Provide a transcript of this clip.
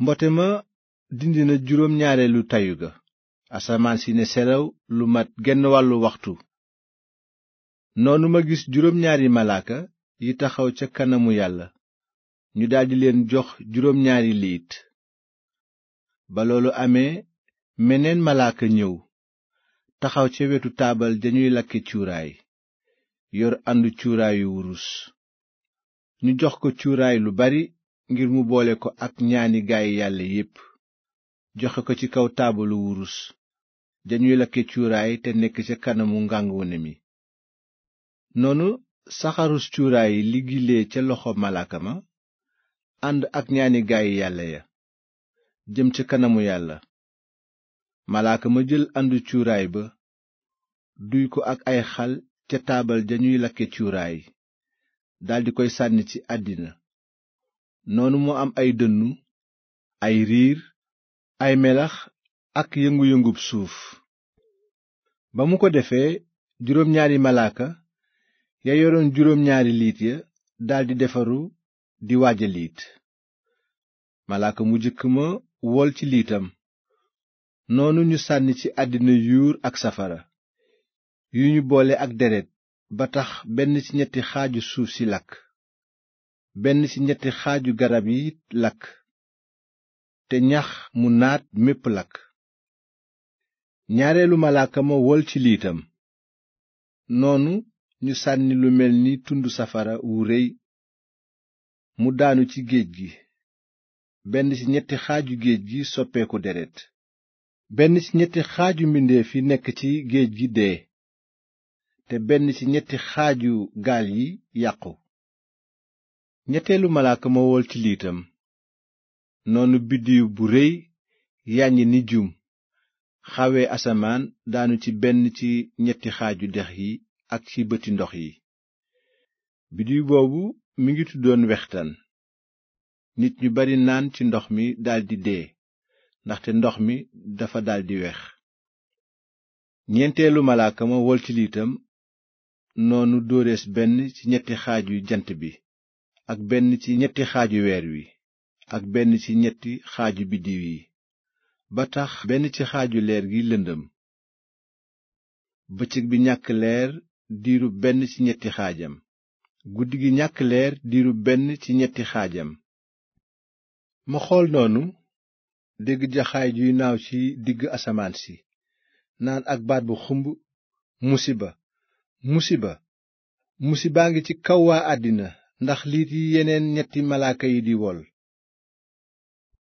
mbote ma dindi na juróom ñaareelu tayu ga asamaan si ne selaw lu mat genn wàllu waxtu noonu ma gis juróom ñaari malaaka yi taxaw ca kanamu yàlla ñu daldi leen jox juróom ñaari liit ba loolu amee meneen malaaka ñëw taxaw ca wetu taabal dañuy lakke cuuraay yor àndu cuuraayu wurus ñu jox ko cuuraay lu bari ngir mu boole ko ak ñaani gaay yàlla yépp joxe ko ci kaw taabalu wurus dañuy lakke cuuraay te nekk ca kanamu ngànguune mi noonu saxarus cuuraay li gilee ca loxo malaaka ma ànd ak ñaani gaay yàlla ya jëm ca kanamu yàlla malaaka ma jël àndu cuuraay ba duy ko ak ay xal ca taabal dañuy lakke cuuraay daldi koy sànni ci àddina noonu mu am ay dënnu ay riir ay melax ak yëngu yëngub suuf ba mu ko defee juróom ñaari malaaka ya yoroon juróom ñaari liit ya daldi defaru di waaja liit malaaka mu jëkk ma wol ci liitam noonu ñu sànni ci àddina yuur ak safara yu ñu boole ak deret ba tax benn ci ñetti xaaju suuf si lakk benn ci ñetti xaaju garab yi lakk te ñax mu naat mépp lakk ñaareelu malaaka ma wol ci liitam noonu ñu sànni lu mel ni tund safara wu réy mu daanu ci géej gi benn ci ñetti xaaju géej gi soppeeku deret benn ci ñetti xaaju mbindeef yi nekk ci géej gi dee te benn ci ñetti xaaju gaal yi yàqu ñetteelu malaaka ma ci liitam noonu biddiw bu réy yañ ni jum xawee asamaan daanu ci benn ci ñetti xaaju dex yi ak ci bëti ndox yi biddiw boobu mi ngi tuddoon wextan nit ñu bari naan ci ndox mi daldi dee ndaxte ndox mi dafa daldi wex ñeenteelu malaaka ci liitam noonu dóorees benn ci ñetti xaaju jant bi ak benn ci ñetti xaaju weer wi ak benn ci ñetti xaaju biddiw yi ba tax benn ci xaaju leer gi lëndëm bëccëg bi ñàkk leer diiru benn ci ñetti xaajam guddi gi ñàkk leer diiru benn ci ñetti xaajam ma xool noonu dégg jaxaay juy naaw ci digg asamaan si naan ak baat bu xumb musiba musiba musibaa ngi ci kaw waa àddina ndax yi yeneen ñetti malaaka yi di wol